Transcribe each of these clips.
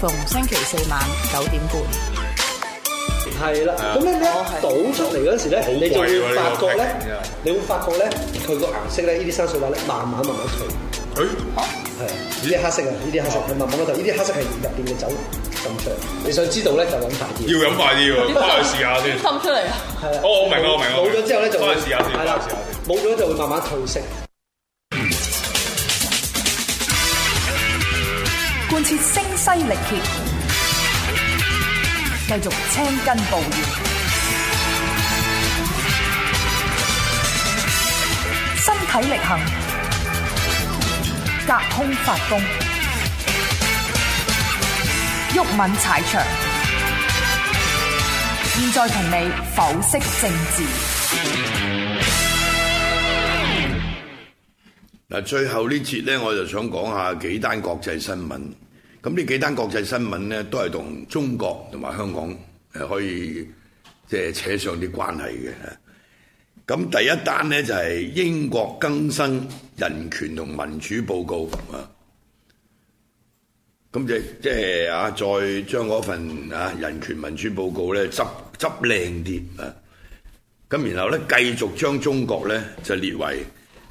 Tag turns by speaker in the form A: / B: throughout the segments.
A: 逢星期四晚九點半，係啦。咁樣咧，倒出嚟嗰時咧，你就會發覺咧，你會發覺咧，佢個顏色咧，呢啲生水咧，慢慢慢慢褪。誒，係呢啲黑色啊，呢啲黑色係慢慢嗰度，呢啲黑色係入邊嘅酒浸出嚟。你想知道咧，就飲快啲，要飲快啲喎。返去試下先，浸出嚟啦。係。哦，我明啦，我明啦。冇咗之後咧就去試下先，係啦，試下先。冇咗就會慢慢褪色，貫徹嘶力竭，繼續青筋暴現，身體力行，隔空發功，毓民踩場。現在同你剖析政治。嗱，最後呢節咧，我就想講下幾單國際新聞。咁呢幾單國際新聞咧，都係同中國同埋香港誒可以即係扯上啲關係嘅。咁第一單咧，就係英國更新人權同民主報告啊。咁就即係啊，再將嗰份啊人權民主報告咧，執執靚啲啊。咁然後咧，繼續將中國咧就列為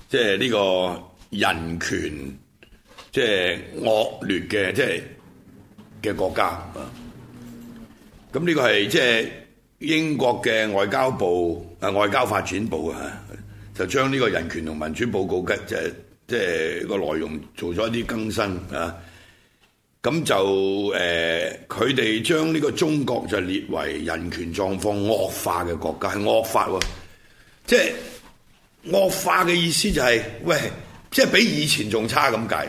A: 即係呢個人權。即係惡劣嘅，即係嘅國家啊！咁呢個係即係英國嘅外交部啊，外交發展部啊，就將呢個人權同民主報告嘅即係即係個內容做咗一啲更新啊！咁就誒，佢哋將呢個中國就列為人權狀況惡化嘅國家，係惡化喎！即係惡化嘅意思就係喂，即係比以前仲差咁解。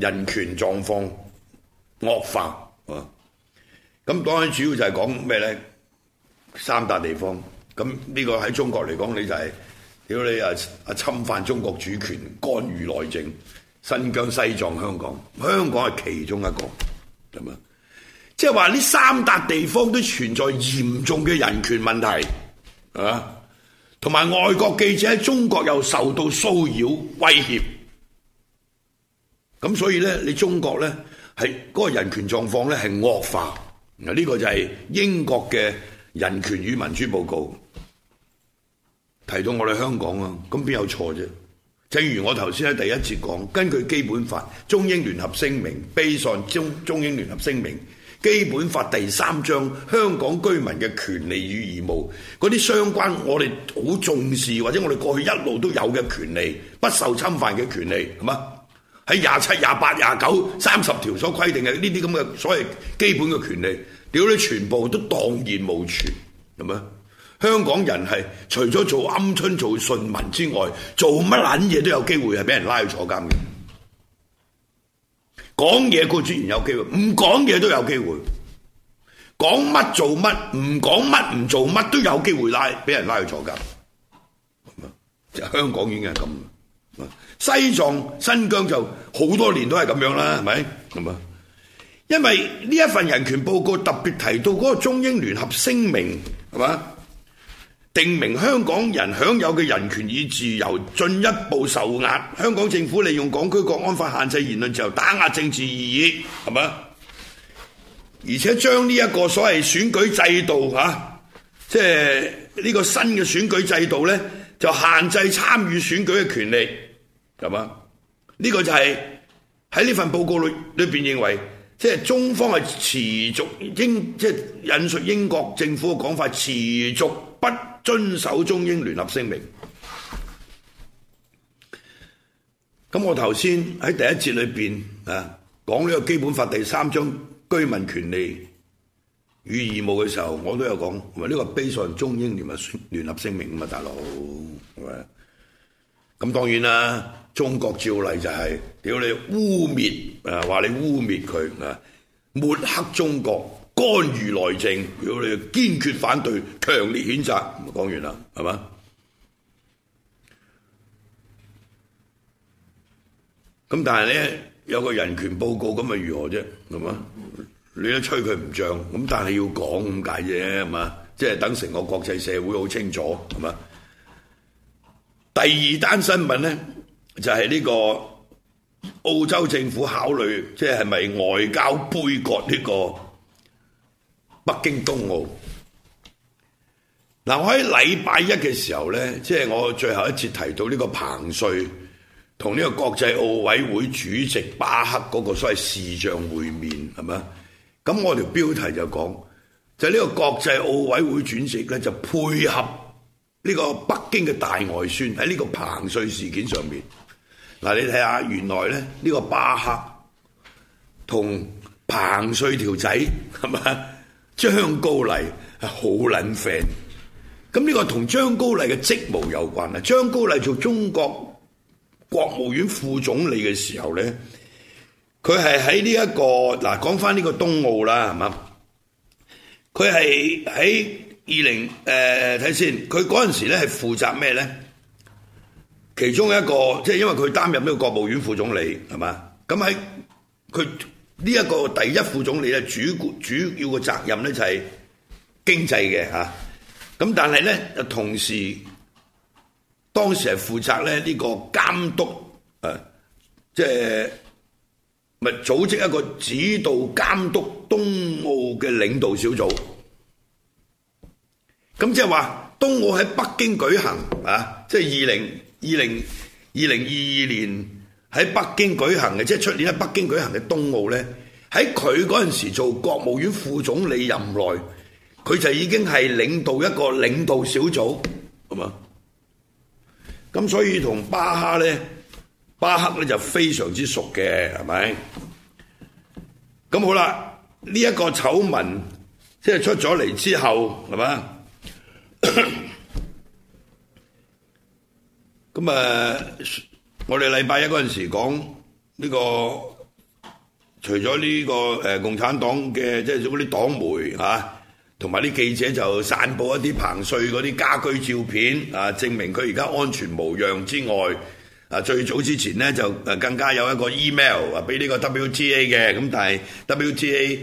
A: 人權狀況惡化啊！咁當然主要就係講咩呢？三笪地方咁呢個喺中國嚟講，就是，你就係屌你啊！啊，侵犯中國主權、干預內政、新疆、西藏、香港，香港係其中一個，係咪？即係話呢三笪地方都存在嚴重嘅人權問題啊！同埋外國記者喺中國又受到騷擾威脅。咁所以咧，你中國咧係嗰個人權狀況咧係惡化，嗱、這、呢個就係英國嘅《人權與民主報告》提到我哋香港啊，咁邊有錯啫？正如我頭先喺第一節講，根據《基本法》、中英聯合聲明、《悲喪中中英聯合聲明》、《基本法》第三章香港居民嘅權利與義務，嗰啲相關我哋好重視，或者我哋過去一路都有嘅權利不受侵犯嘅權利，係嘛？喺廿七、廿八、廿九、三十條所規定嘅呢啲咁嘅所謂基本嘅權利，屌你全部都蕩然無存，係咪？香港人係除咗做鵪鶉做順民之外，做乜撚嘢都有機會係俾人拉去坐監嘅。講嘢固然有機會，唔講嘢都有機會。講乜做乜，唔講乜唔做乜都有機會拉俾人拉去坐監。咁啊，香港已經係咁。西藏、新疆就好多年都係咁樣啦，係咪？係嘛？因為呢一份人權報告，特別提到嗰個中英聯合聲明，係嘛？定明香港人享有嘅人權以自由進一步受壓，香港政府利用港區國安法限制言論自由，打壓政治而已，係嘛？而且將呢一個所謂選舉制度啊，即係呢個新嘅選舉制度呢。就限制參與選舉嘅權利，係嘛？呢個就係喺呢份報告裏面認為，即係中方係持續英即係引述英國政府嘅講法，持續不遵守中英聯合聲明。咁我頭先喺第一節裏面啊講呢個基本法第三章居民權利與義務嘅時候，我都有講，同呢個《悲 a 中英聯合聯合聲明》咁啊，大佬，咁啊，當然啦。中國照例就係、是、屌你污蔑，誒話你污蔑佢，誒抹黑中國，干預內政，屌你堅決反對，強烈譴責。講完啦，係嘛？咁但係咧，有個人權報告咁咪如何啫，係嘛？你都吹佢唔漲，咁但係要講咁解啫，係嘛？即係等成個國際社會好清楚，係嘛？第二單新聞咧，就係呢個澳洲政府考慮，即係係咪外交杯葛呢個北京冬奧？嗱，我喺禮拜一嘅時候咧，即係我最後一次提到呢個彭帥同呢個國際奧委會主席巴克嗰個所謂視像會面，係嘛？咁我條標題就講，就呢、是、個國際奧委會主席咧就配合呢個北京嘅大外宣喺呢個彭帥事件上面嗱你睇下，原來咧呢個巴赫同彭帥條仔係咪張高麗係好撚 friend，咁呢個同張高麗嘅職務有關啦。張高麗做中國國務院副總理嘅時候咧。佢係喺呢一個嗱，講翻呢個冬奧啦，係嘛？佢係喺二零誒，睇先，佢嗰陣時咧係負責咩咧？其中一個，即係因為佢擔任呢個國務院副總理，係嘛？咁喺佢呢一個第一副總理咧，主主要嘅責任咧就係經濟嘅吓。咁但係咧，又同時當時係負責咧呢個監督誒，即係。咪組織一個指導監督冬奧嘅領導小組，就是說，咁即係話冬奧喺北京舉行啊，即係二零二零二零二二年喺北京舉行嘅，即係出年喺北京舉行嘅冬奧咧，喺佢嗰陣時做國務院副總理任內，佢就已經係領導一個領導小組，係嘛？咁所以同巴哈咧。巴克咧就非常之熟嘅，係咪？咁好啦，呢一個醜聞即係出咗嚟之後，係嘛？咁啊，我哋禮拜一嗰陣時講呢個，除咗呢個誒共產黨嘅，即係嗰啲黨媒啊，同埋啲記者就散佈一啲彭帥嗰啲家居照片啊，證明佢而家安全無恙之外。啊，最早之前咧就誒更加有一個 email 啊，俾呢個 WTA 嘅咁，但係 WTA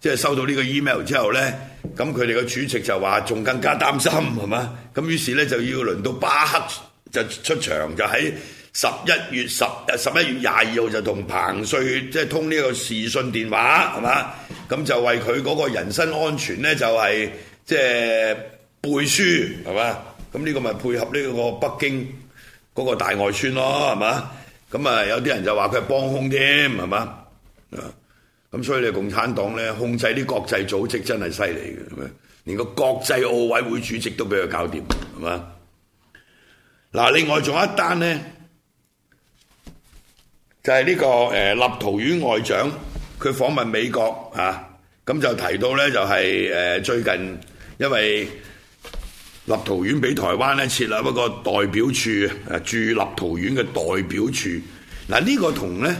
A: 即係收到呢個 email 之後咧，咁佢哋嘅主席就話仲更加擔心係嘛，咁於是咧就要輪到巴克就出場，就喺十一月十十一月廿二號就同彭帥即係、就是、通呢個視訊電話係嘛，咁就為佢嗰個人身安全咧就係即係背書係嘛，咁呢個咪配合呢個北京。嗰個大外孫咯，係嘛？咁啊，有啲人就話佢係幫兇添，係嘛？啊，咁所以你共產黨呢控制啲國際組織真係犀利嘅，係咪？連個國際奧委會主席都俾佢搞掂，係嘛？嗱，另外仲有一單呢，就係呢個誒立陶宛外長佢訪問美國啊，咁就提到呢就係誒最近因為。立陶宛俾台灣咧設立一個代表處，誒駐立陶宛嘅代表處。嗱，呢個同咧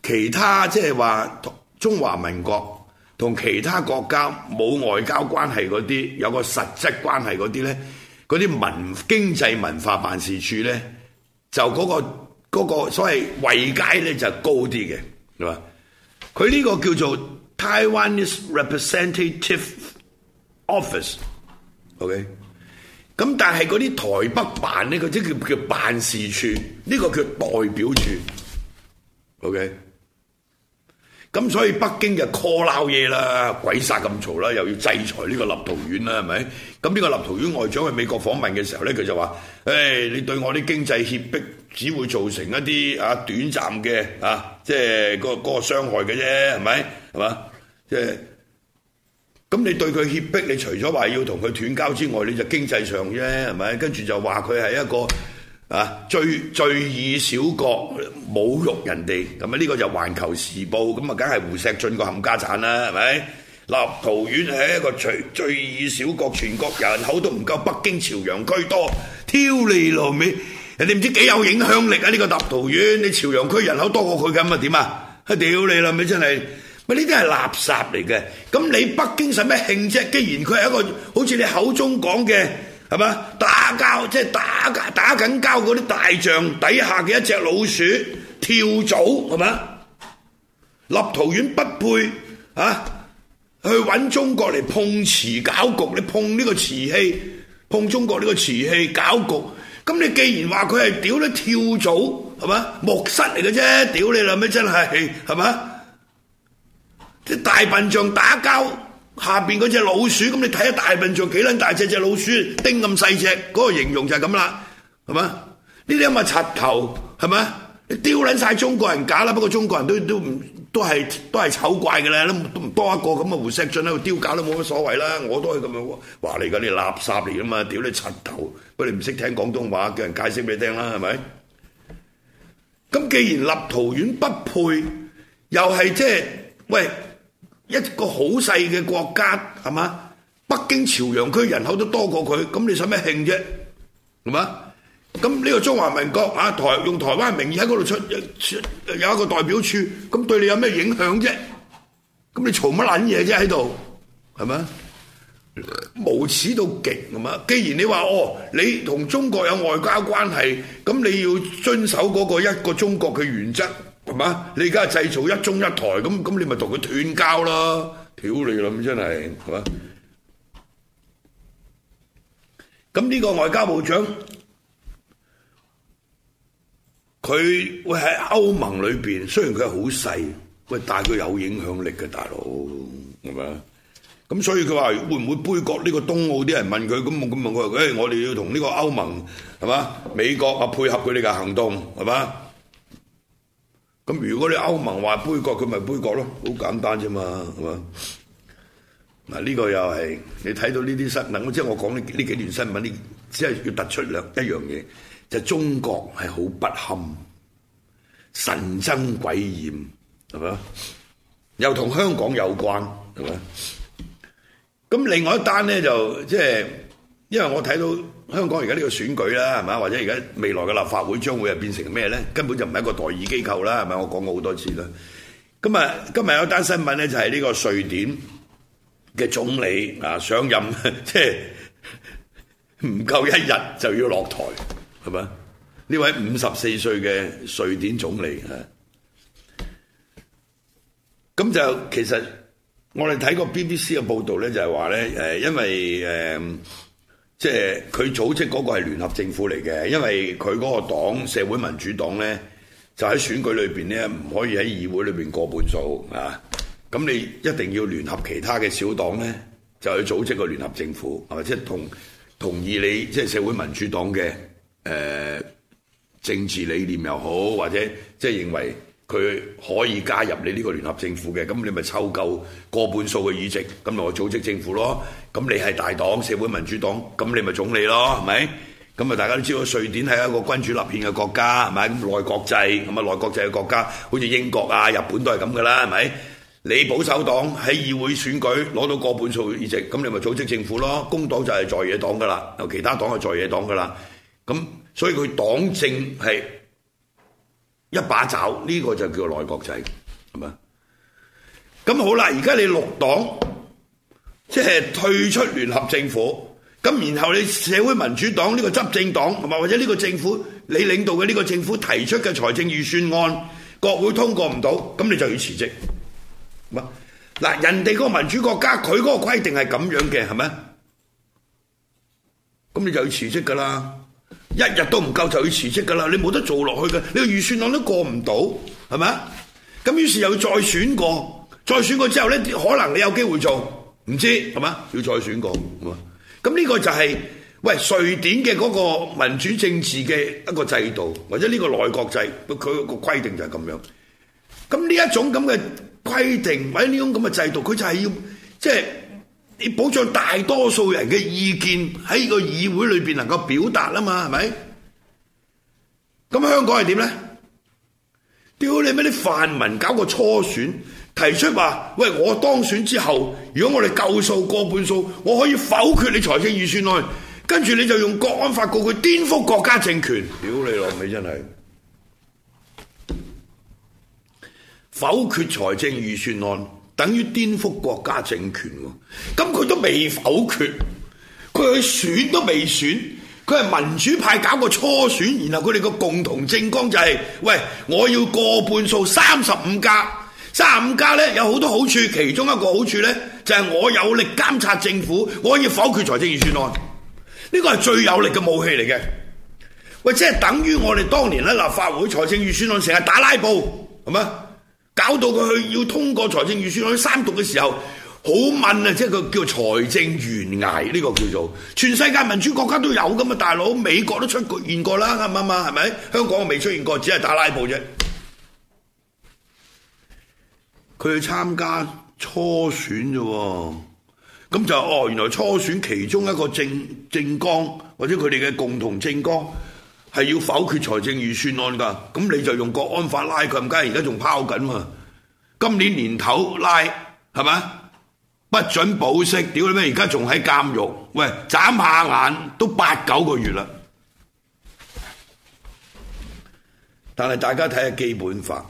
A: 其他即係話中華民國同其他國家冇外交關係嗰啲，有個實質關係嗰啲咧，嗰啲文經濟文化辦事處咧、嗰個，就、嗰、嗰個所謂位階咧就高啲嘅，係嘛？佢呢個叫做 Taiwanese Representative Office，OK、okay？咁但係嗰啲台北辦呢，佢即叫叫辦事處，呢個叫代表處。OK，咁所以北京就 call 鬧嘢啦，鬼殺咁嘈啦，又要制裁呢個立陶宛啦，係咪？咁呢個立陶宛外長去美國訪問嘅時候呢，佢就話，誒，你對我啲經濟脅迫，只會造成一啲啊短暫嘅啊，即係嗰個嗰個傷害嘅啫，係咪？係嘛，即係。咁你對佢脅迫，你除咗話要同佢斷交之外，你就經濟上啫，係咪？跟住就話佢係一個啊蕞、蕞爾小國侮辱人哋，咁啊呢個就《環球時報》咁啊，梗係胡錫進個冚家產啦，係咪？立陶宛係一個蕞、蕞爾小國，全國人口都唔夠北京朝陽區多，挑你咯咩？人哋唔知幾有影響力啊！呢、呢個立陶宛，你朝陽區人口多過佢咁啊？點啊？屌你啦咪，真係！呢啲係垃圾嚟嘅，咁你北京使咩興啫？既然佢係一個好似你口中講嘅係嘛，打交，即係打打緊交嗰啲大象底下嘅一隻老鼠跳蚤係嘛？立陶宛不配啊，去揾中國嚟碰瓷搞局，你碰呢個瓷器，碰中國呢個瓷器搞局。咁你既然話佢係屌得跳蚤係嘛，木虱嚟嘅啫，屌你啦咩真係係嘛？啲大笨象打交，下邊嗰隻老鼠，咁你睇下大笨象幾撚大隻，隻老鼠叮咁細隻，嗰個形容就係咁啦，係嘛？呢啲咪柒頭係咪？你丟撚晒中國人假啦，不過中國人都都唔都係都係醜怪嘅啦，都唔多一個咁啊胡錫進喺度丟假都冇乜所謂啦，我都係咁樣話你而家啲垃圾嚟啊嘛，屌你柒頭，你不過你唔識聽廣東話，叫人解釋俾你聽啦，係咪？咁既然立陶宛不配，又係即係喂。一個好細嘅國家係嘛？北京朝陽區人口都多過佢，咁你使咩興啫？係嘛？咁呢個中華民國啊台用台灣名義喺嗰度出有一個代表處，咁對你有咩影響啫？咁你嘈乜撚嘢啫喺度？係嘛？無恥到極，係嘛？既然你話哦，你同中國有外交關係，咁你要遵守嗰個一個中國嘅原則。係嘛？你而家製造一中一台咁咁，咁咁你咪同佢斷交咯！屌你諗真係，係嘛？咁呢個外交部長，佢會喺歐盟裏面，雖然佢係好細，喂，但係佢有影響力嘅大佬，係嘛？咁所以佢話會唔會杯葛呢個冬奧，啲人問佢，咁咁問我誒、欸？我哋要同呢個歐盟係嘛美國啊配合佢哋嘅行動係嘛？咁如果你歐盟話杯葛，佢咪杯葛咯，好簡單啫嘛，係嘛？嗱呢個又係你睇到呢啲新聞，即係我講呢呢幾段新聞，呢只係要突出兩一樣嘢，就中國係好不堪，神憎鬼厭係咪啊？又同香港有關係咪？咁另外一單咧就即係，因為我睇到。香港而家呢個選舉啦，係咪啊？或者而家未來嘅立法會將會係變成咩咧？根本就唔係一個代議機構啦，係咪？我講過好多次啦。咁啊，今日有單新聞咧，就係呢個瑞典嘅總理啊上任即係唔夠一日就要落台，係咪啊？呢位五十四歲嘅瑞典總理啊，咁就其實我哋睇過 BBC 嘅報道咧，就係話咧誒，因為誒。呃即係佢組織嗰個係聯合政府嚟嘅，因為佢嗰個黨社會民主黨呢，就喺選舉裏面呢唔可以喺議會裏面過半數啊，咁你一定要聯合其他嘅小黨呢，就去組織個聯合政府，或者，啊，同同意你即係社會民主黨嘅誒、呃、政治理念又好，或者即係認為。佢可以加入你呢個聯合政府嘅，咁你咪抽夠個半數嘅議席，咁咪我組織政府咯。咁你係大黨社會民主黨，咁你咪總理咯，係咪？咁啊，大家都知道瑞典係一個君主立憲嘅國家，係咪？咁內閣制，咁啊內閣制嘅國家，好似英國啊、日本都係咁㗎啦，係咪？你保守黨喺議會選舉攞到個半數議席，咁你咪組織政府咯。工黨就係在野黨㗎啦，有其他黨係在野黨㗎啦。咁所以佢黨政係。一把爪，呢、這個就叫內國仔，係咪？咁好啦，而家你綠黨即係退出聯合政府，咁然後你社會民主黨呢、這個執政黨，係咪？或者呢個政府你領導嘅呢個政府提出嘅財政預算案，國會通過唔到，咁你就要辭職，係咪？嗱，人哋個民主國家佢嗰個規定係咁樣嘅，係咪？咁你就要辭職㗎啦。一日都唔夠就要辭職噶啦，你冇得做落去嘅，你個預算案都過唔到，係咪？咁於是又再選過，再選過之後呢，可能你有機會做，唔知，係咪？要再選過，咁呢個就係、是、喂瑞典嘅嗰個民主政治嘅一個制度，或者呢個內閣制，佢個規定就係咁樣。咁呢一種咁嘅規定，或者呢種咁嘅制度，佢就係要即係。就是你保障大多數人嘅意見喺個議會裏邊能夠表達吖嘛，係咪？咁香港係點咧？屌你咩，啲泛民搞個初選，提出話：喂，我當選之後，如果我哋夠數過半數，我可以否決你財政預算案。跟住你就用國安法告佢，顛覆國家政權。屌你老味，真係否決財政預算案，等於顛覆國家政權喎，咁佢都未否決，佢去選都未選，佢係民主派搞個初選，然後佢哋個共同政綱就係，喂，我要過半數，三十五加，三十五加咧有好多好處，其中一個好處咧就係我有力監察政府，我可以否決財政預算案，呢個係最有力嘅武器嚟嘅，喂，即係等於我哋當年咧立法會財政預算案成日打拉布，係嘛？搞到佢去要通過財政預算去三讀嘅時候，好問啊！即係佢叫財政懸崖呢、呢個叫做全世界民主國家都有嘅嘛，大佬美國都出過現過啦，啱唔啱？係咪香港未出現過，只係打拉布啫。佢去參加初選啫，咁就哦，原來初選其中一個政政綱或者佢哋嘅共同政綱。係要否決財政預算案噶，咁你就用國安法拉佢，而家而家仲拋緊嘛？今年年頭拉係咪？不准保釋，屌你咩？而家仲喺監獄，喂眨下眼都八九個月啦。但係大家睇下基本法，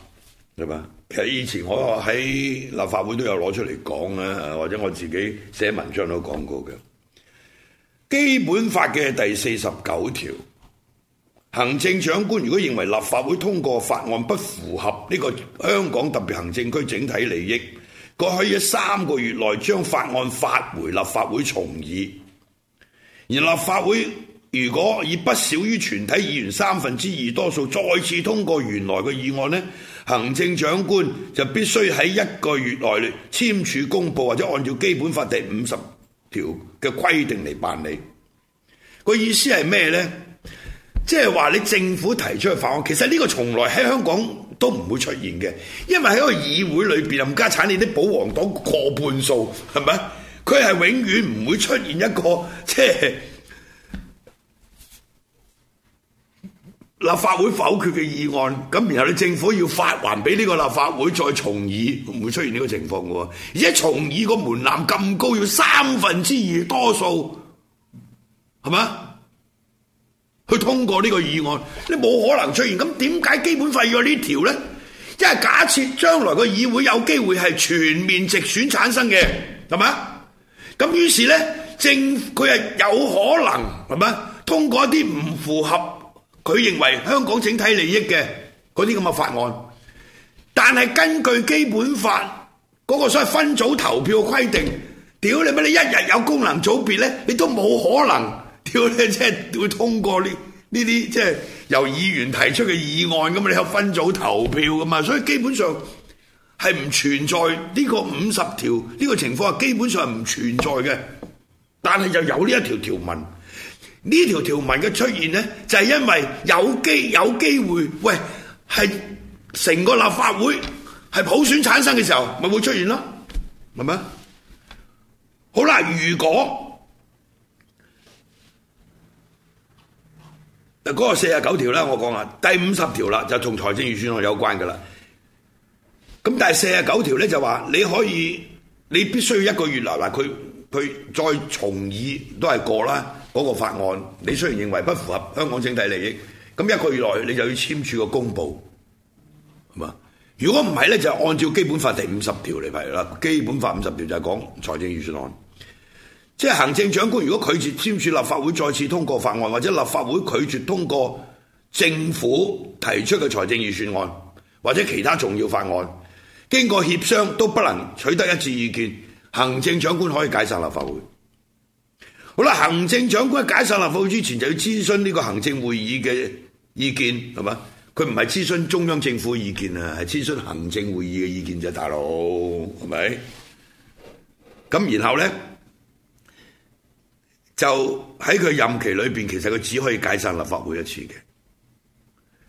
A: 係嘛？其實以前我喺立法會都有攞出嚟講啦，或者我自己寫文章都講過嘅，基本法嘅第四十九條。行政長官如果認為立法會通過法案不符合呢個香港特別行政區整體利益，佢可以三個月內將法案發回立法會重議。而立法會如果以不少於全體議員三分之二多數再次通過原來嘅議案呢，行政長官就必須喺一個月內簽署公佈，或者按照基本法第五十條嘅規定嚟辦理。個意思係咩呢？即係話你政府提出嘅法案，其實呢個從來喺香港都唔會出現嘅，因為喺個議會裏邊啊，冚家剷你啲保皇黨過半數，係咪？佢係永遠唔會出現一個，即係立法會否決嘅議案，咁然後你政府要發還俾呢個立法會再重議，唔會出現呢個情況嘅。而且重議個門檻咁高，要三分之二多數，係咪？佢通過呢個議案，你冇可能出現。咁點解基本法要有呢條咧？因為假設將來個議會有機會係全面直選產生嘅，係咪啊？咁於是咧，政佢係有可能係咪啊？通過一啲唔符合佢認為香港整體利益嘅嗰啲咁嘅法案，但係根據基本法嗰個所謂分組投票嘅規定，屌你乜你一日有功能組別咧，你都冇可能。佢咧即係會通過呢呢啲，即係由議員提出嘅議案咁啊，你有分組投票噶嘛，所以基本上係唔存在呢個五十條呢個情況啊，基本上係唔存在嘅。但係就有呢一條條文，呢條條文嘅出現呢，就係因為有機有機會，喂，係成個立法會係普選產生嘅時候，咪會出現咯，明嘛？好啦，如果嗰個四十九條呢，我講啦第五十條啦，就同財政預算案有關㗎啦。咁第四十九條呢，就話你可以，你必須要一個月內，嗱佢佢再重議都係過啦。嗰、那個法案你雖然認為不符合香港整體利益，咁一個月內你就要簽署個公佈，係嘛？如果唔係呢，就按照基本法第五十條嚟排啦。基本法五十條就係講財政預算案。即係行政長官如果拒絕簽署立法會再次通過法案，或者立法會拒絕通過政府提出嘅財政預算案，或者其他重要法案，經過協商都不能取得一致意見，行政長官可以解散立法會。好啦，行政長官解散立法會之前就要諮詢呢個行政會議嘅意見，係嘛？佢唔係諮詢中央政府意見啊，係諮詢行政會議嘅意見啫，大佬係咪？咁然後咧？就喺佢任期裏面，其實佢只可以解散立法會一次嘅。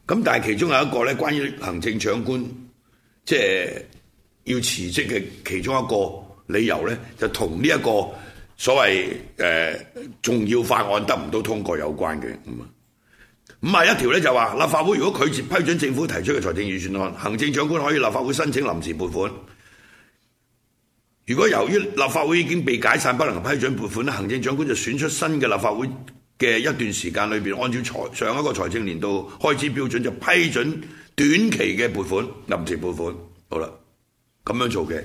A: 咁但係其中有一個咧，關於行政長官即係要辭職嘅其中一個理由咧，就同呢一個所謂誒、呃、重要法案得唔到通過有關嘅。咁啊，五十一條咧就話立法會如果拒絕批准政府提出嘅財政預算案，行政長官可以立法會申請臨時撥款。如果由於立法會已經被解散，不能批准撥款，行政長官就選出新嘅立法會嘅一段時間裏面，按照上一個財政年度開支標準就批准短期嘅撥款，臨時撥款。好啦，咁樣做嘅。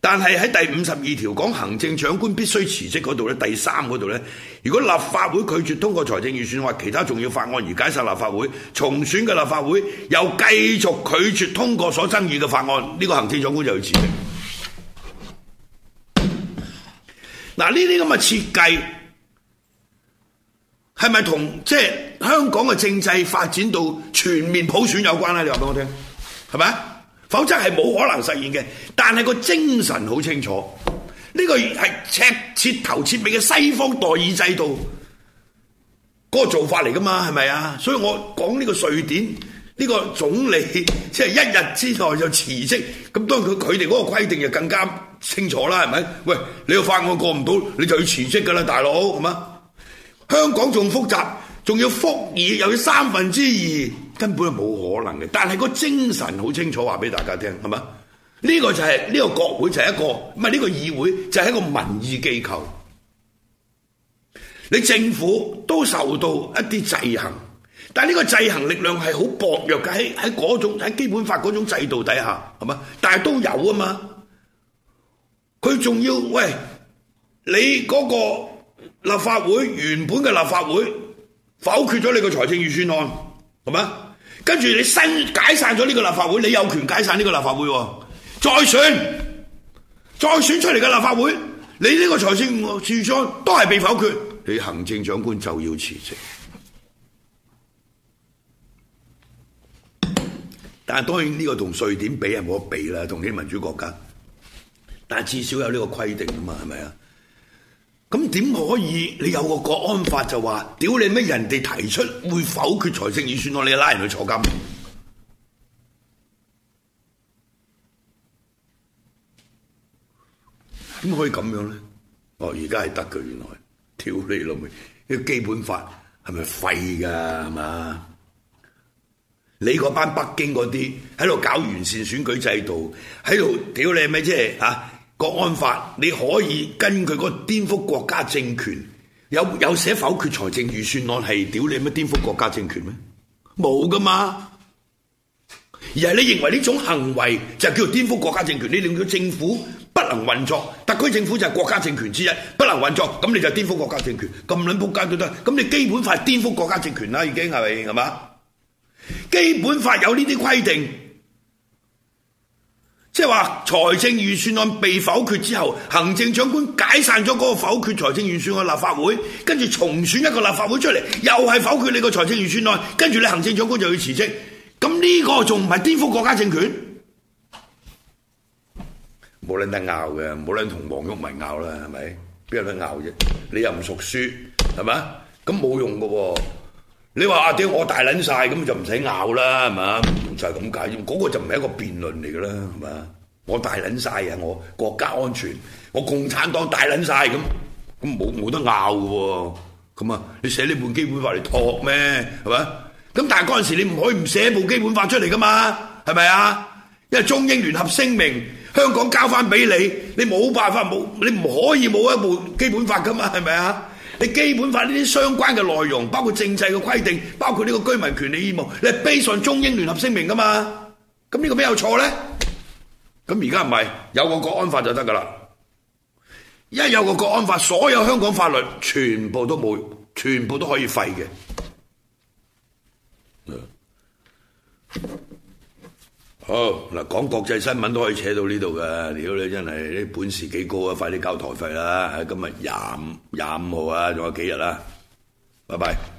A: 但係喺第五十二條講行政長官必須辭職嗰度咧，第三嗰度咧，如果立法會拒絕通過財政預算或其他重要法案而解散立法會，重選嘅立法會又繼續拒絕通過所爭議嘅法案，呢個行政長官就要辭職。嗱，呢啲咁嘅設計係咪同即係香港嘅政制發展到全面普選有關咧？你話俾我聽，係咪啊？否則係冇可能實現嘅。但係個精神好清楚，呢個係切切頭切尾嘅西方代議制度嗰個做法嚟噶嘛？係咪啊？所以我講呢個瑞典呢個總理即係一日之內就辭職，咁當然佢佢哋嗰個規定就更加清楚啦，係咪？喂，你個法案過唔到，你就要辭職噶啦，大佬，係嘛？香港仲複雜，仲要覆議，又要三分之二，根本係冇可能嘅。但係個精神好清楚，話俾大家聽，係嘛？呢個就係呢個國會就係一個，唔係呢個議會就係一個民意機構。你政府都受到一啲制衡，但係呢個制衡力量係好薄弱嘅，喺喺嗰種喺基本法嗰種制度底下，係嘛？但係都有啊嘛。佢仲要喂，你嗰個立法會原本嘅立法會否決咗你個財政預算案，係咪？跟住你新解散咗呢個立法會，你有權解散呢個立法會。再選，再選出嚟嘅立法會，你呢個財政預算案都係被否決，你行政長官就要辭職。但係當然呢個同瑞典比係冇得比啦，同啲民主國家。但至少有呢個規定啊嘛，係咪啊？咁點可以？你有個國安法就話，屌你咩？人哋提出會否決財政預算案，你拉人去坐監？點可以咁樣咧？哦，而家係得嘅原來，屌你老味，基本法係咪廢㗎？係嘛？你嗰班北京嗰啲喺度搞完善選舉制度，喺度屌你咩啫？係嚇。國安法你可以根據嗰個顛覆國家政權，有有寫否決財政預算案係屌你咩顛覆國家政權咩？冇噶嘛？而係你認為呢種行為就叫做顛覆國家政權？你令到政府不能運作，特區政府就係國家政權之一，不能運作，咁你就顛覆國家政權，咁撚仆街都得？咁你基本法顛覆國家政權啦，已經係咪係嘛？基本法有呢啲規定。即係話財政預算案被否決之後，行政長官解散咗嗰個否決財政預算案立法會，跟住重選一個立法會出嚟，又係否決你個財政預算案，跟住你行政長官就要辭職，咁呢個仲唔係顛覆國家政權？冇卵得拗嘅，冇卵同黃毓民拗啦，係咪？邊有得拗啫？你又唔熟書，係咪？咁冇用嘅喎。你話啊屌！我大撚曬咁就唔使拗啦，係嘛？就係咁解啫，嗰個就唔係一個辯論嚟噶啦，係嘛？我大撚曬啊！我國家安全，我共產黨大撚曬咁，咁冇冇得拗嘅喎？咁啊，你寫呢本基本法嚟託咩？係嘛？咁但係嗰陣時你唔可以唔寫一部基本法出嚟㗎嘛？係咪啊？因為中英聯合聲明，香港交翻俾你，你冇辦法冇，你唔可以冇一部基本法㗎嘛？係咪啊？你基本法呢啲相關嘅內容，包括政制嘅規定，包括呢個居民權利義務，你係背上中英聯合聲明噶嘛？咁呢個咩有錯呢？咁而家唔係有個國安法就得噶啦，一有個國安法，所有香港法律全部都冇，全部都可以廢嘅。嗯好嗱，講國際新聞都可以扯到呢度㗎。嘅，屌你真係啲本事幾高啊！快啲交台費啦！啊，今日廿五廿五號啊，仲有幾日啦，拜拜。